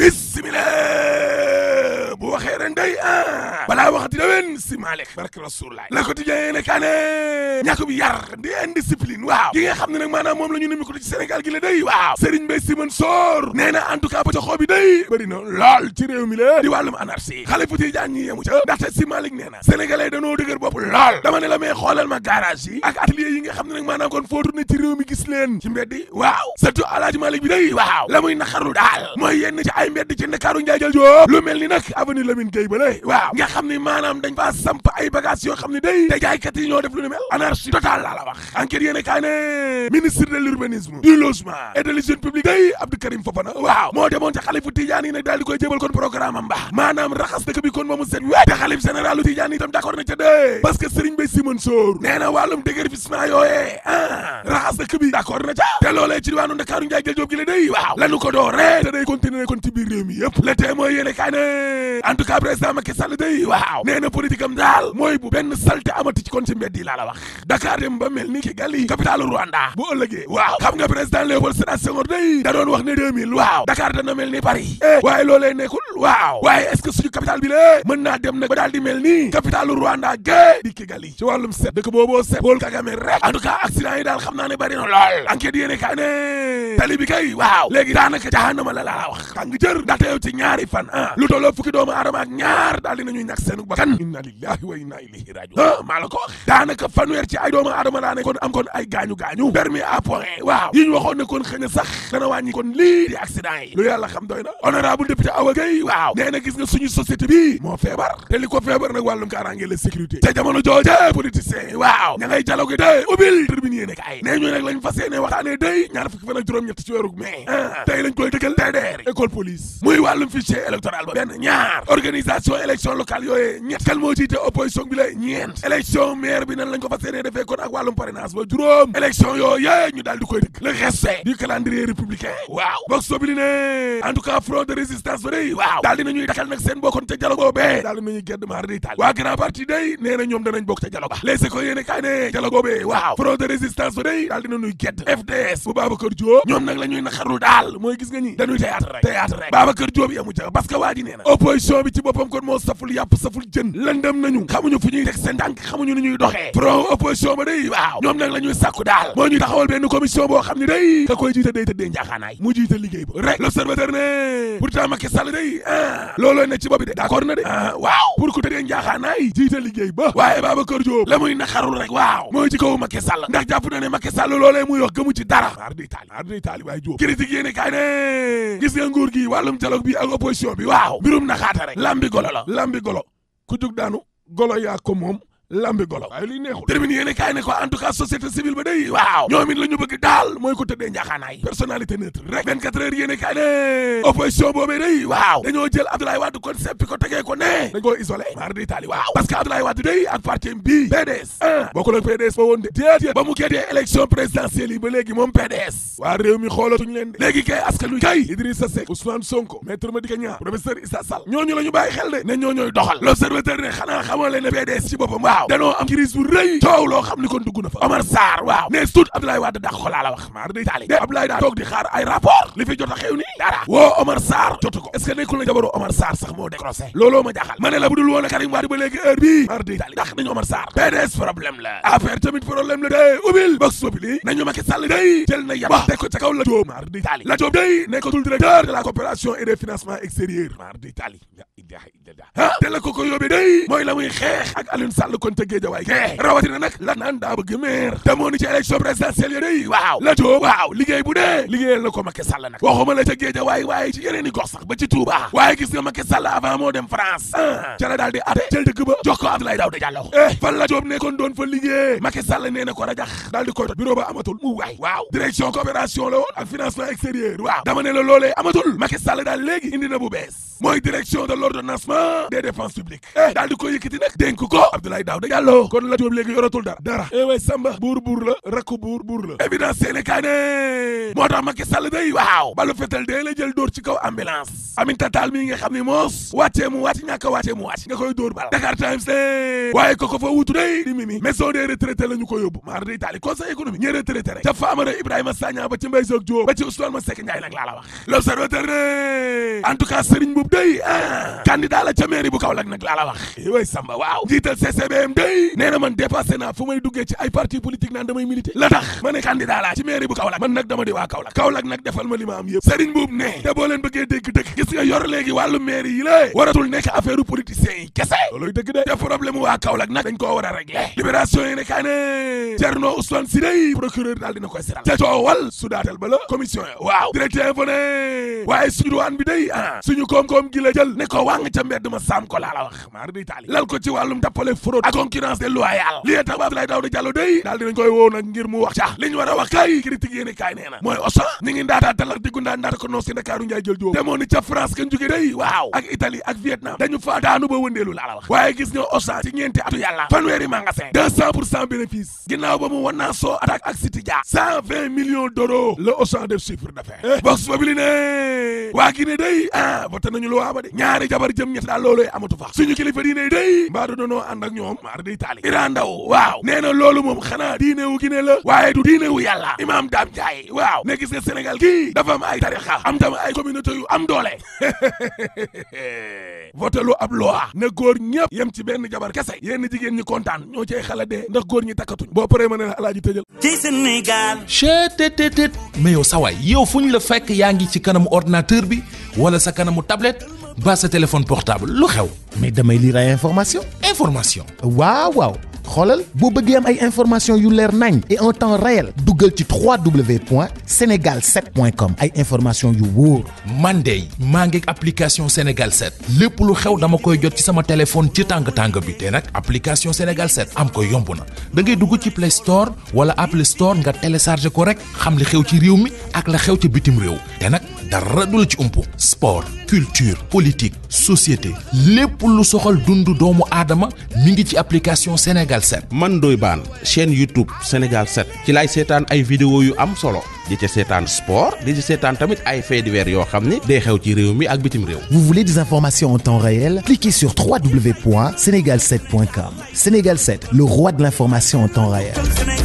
bisimila ren a ah balaa waxati dawen si Malick barke Rasulullah la ko tijjee ne kaane ñàkk yar di indiscipline waaw yi nga xam ne nag maanaam moom la ñu nemi ko ci Sénégal gi la day waaw Serigne Mbaye Sy Mansour nee na mi la di wàllum anarchie xale la may xoolal ma garage yi ak atelier yi nga xam ne nag maanaam Alaaji Malick bi day waaw la muy naxarlu daal mooy yenn ci ay mbedd ci Ndakaaru njaajal joo lu mel ni nag avenue Lamine sey bële waaw nga xam ni maanaam dañ faa samp ay bagage yoo xam ne day te jaaykat yi ñoo def lu ne mel anarchie totale laa wax enquête yéene kaa ministre de l'urbanisme du logement et de l'hygiène publique day Abdou Karim Fofana waaw moo demoon ca xalifu Tidiane yi nag daal koy jébal kon programme am maanaam raxas dëkk bi kon moomu set wéy te ah, te loolee ci diwaanu Ndakaaru Ndiaye Jël te day continuer kon ci biir réew mi yëpp le témoin yéene kaa ne président Macky Sall day waaw nee na politique am daal mooy bu benn salte amati ci kon ci mbedd yi laa la wax Dakar dem ba mel ni Kigali capitale Rwanda bu ëllëgee waaw xam nga président Léopold Sédar Senghor day da doon wax ne 2000 waaw Dakar dana mel ni Paris eh waaye loolee nekkul waaw waaye est-ce que suñu mën naa dem nag ba daal di mel ni capitale Rwanda gee di Kigali ci wàllum set dëkk booboo set Paul Kagame rek en tout yi daal xam naa ne bari na lool enquête yéene kaa ne tali ñaar daal dinañuy ñàkk seenu bakkan inna lillahi wa inna ilayhi rajiun ah maa ko wax daanaka fanweer ci ay doomu aadama daa am kon ay gaañu-gaañu permis à waaw yi waxoon ne kon xëy na dana wàññi kon lii di accident yi lu yàlla xam doy na honorable waaw nee na gis nga suñu société bi moo feebar te ko feebar nag wàllum kaaraange la sécurité te ci weeru mai ah. tey lañ koy dëkkal TDR école police muy wàllum fichier électoral ba organisation élection locale yooyee ñett kan moo jiite opposition bi la ñeent élection bi nan lañ ko fas yéene defee kon ak wàllum ba juróom élection yooyee ñu daal koy dëkk le respect du républicain waaw boog soo bi li front de résistance ba day waaw daal dinañuy dakal nag seen bokkoon taal waa grand parti day nee na danañ bokk ca dialogue ba les écoles yéene kaay ne dialogue boobee waaw front de résistance ba day daal dinañuy gedd FDS bu Babacar Diop ñoom nag la ñuy naqarlu daal mooy gis nga ñi dañuy boppam kon moo saful yàpp saful jën lëndëm nañu xamuñu fu ñuy teg seen tànk xamuñu ni ñuy doxee front opposition ba day waaw ñoom nag la ñuy sàkku daal moo ñuy taxawal benn commission boo xam ne day ka koy jiite day tëddee njaaxaanaay mu jiite liggéey ba rek l'observateur ne pourtant Macky Sall day ah looloo ne ci bopp de d'accord na de ah waaw pour ku tëddee njaaxaanaay jiite liggéey ba waaye Babacar Diop la muy naxarul rek waaw mooy ci kaw Macky Sall ndax jàpp lambi golo la lambi golo daanu golo yaa ko moom lambi golo waaye liy neexul termine yéene kaay ko en tout cas ba day waaw ñoom it la ñu bëgg daal mooy ko tëddee njaxaanaay personnalité neutre rek 24 heures yéene kaay ne opposition boobee day waaw dañoo jël Abdoulaye Wade kon ko tegee ko ne dañ koo isolé mar taali waaw parce que Abdoulaye Wade ak parti bii PDS a bokkul ak PDS ba woon ba mu gétee élection présidentielle yi ba léegi moom PDS waa réew mi xoolatuñ leen ñu bàyyi de ne waaw danoo am crise bu rëy coow loo xam ni kon dugg fa Omar Sarr waaw ne sut Abdoulaye Wade dax la wax maar day taali de Abdoulaye daa toog di xaar ay rapport li fi jot a ni dara woo Omar Sarr jotu ko est-ce que Omar Sarr sax moo décroché looloo ma jaaxal ma bu dul woon a Karim Wade ba maar day taali ndax nañu Omar Sarr PDS problème la affaire tamit problème la day ubil box populi nañu Macky Sall day jël na yaba teg ko ilaha illallah ah te la ko ko yóbbee day mooy la muy xeex ak Alioune Sall kon te Guédiawaye eh. kee rawatina nag la naan daa bëgg meer te moo ni ci élection présidentielle ya day waaw la joo waaw liggéey bu dee liggéeyal na ko Macky Sall nag waxuma la a Guédiawaye waaye ci yeneen i gox sax ba ci Touba waaye gis nga Macky Sall avant moo dem France ah ca la daal di ate jël dëkk ba jox ko Abdoulaye Daouda Diallo eh fan la Joob nekkoon doon fa liggéey Macky Sall nee ko rajax ordonnancement des dépenses publiques eh daal di ko yëkkati nag dénk ko Abdoulaye Daouda Diallo kon la Diop léegi yoratul dara dara eh way Samba buur buur la rakku buur buur la évidence seene kaay moo tax Macky Sall waaw balu fetal dee la jël dóor ci kaw ambulance Aminata Tall mii nga xam moos wàccee mu wàcc ñàkk a mu wàcc nga koy dóor bal Dakar Times ne waaye ko ko fa wutu day di Mimi maison des retraités la ñu ko yóbbu maar day taali conseil économique ñee candidat la ca mairie bu Kaolack nag laa la wax way Samba waaw njiital CCBM day nee man dépassé naa fu may duggee ci ay parti politique naan damay militer la tax ma ne candidat ci mairie bu Kaolack man nag dama di waa Kaolack Kaolack nag defal ma ma am yëpp Serigne Mboup ne te boo leen bëggee dégg dëgg gis nga yor léegi wàllu mairie yi lée waratul nekk affaire politicien yi kese looloy dëgg de te problème waa Kaolack nag dañ koo war a régler libération yi nekkaa ne Thierno Ousmane Si day procureur daal dina koy seral te ba la commission ya waaw directeur info ne waaye lang ca mbedd ma saam ko a la wax maar di taali lal ko ci wàllum tappale fraude ak concurrence des loyale li tax ba Abdoulaye Daouda Diallo day daal dinañ koy woo ngir mu wax ca li ñu a wax kay critique yéene kaay nee na mooy osa ñi ngi ndaataa talak diggu ndaa ndaata ko noos ci Ndakaaru njaay jël jóob demoon ni ca France kan jóge day waaw ak Italie ak Vietnam dañu faa daanu ba wëndeelu laa la wax waaye gis nga osa ci ñeenti atu yàlla fanweeri ñaar jëm ñett daal looloy amatu fa suñu kilifa diine day mbaadu doonoo ànd ak ñoom maar day taali Iran Ndaw waaw nee na loolu moom xanaa diine wu Guinée la waaye du diine wu yàlla imaam Daam Njaay waaw ne gis nga Sénégal gii dafa am ay tarixa am tam ay communauté yu am doole votelu ab loi ne góor ñëpp yem ci benn jabar kese yenn jigéen ñi kontaan ñoo cay xala ndax góor ñi takkatuñ boo paree ma ne la alaaji tëjal ci Sénégal chetttt mais yow sawaay yow fu ñu la fekk yaa ngi ci kanamu ordinateur bi wala sa kanamu tablette ba sa téléphone portable lu xew mais damay lire ay information information waaw waaw xoolal boo bëggee am ay information yu leer nañ et en temps réel duggal ci wwwsenegal comme ay information yu wóor man de maa ngi application Sénégal 7 lépp lu xew dama koy jot ci sama téléphone ci tàng tàng bi te nag application Sénégal 7 am ko yomb na dangay dugg ci Play Store wala Apple Store nga télécharger ko rek xam li xew ci réew mi ak la xew ci bitim réew te nag dara du la ci umpu sport culture politique société lépp lu soxal dund doomu aadama mi ngi ci application Sénégal Sénégal 7 man Ndoye Bane chaîne YouTube Sénégal 7 ci laay seetaan ay vidéo yu am solo di ca seetaan sport di ci seetaan tamit ay faits divers yoo xam ni day xew ci réew mi ak bitim réew. Vous voulez des informations en temps réel? Cliquez sur wwwsénégal Sénégal 7, le roi de l'information en temps réel.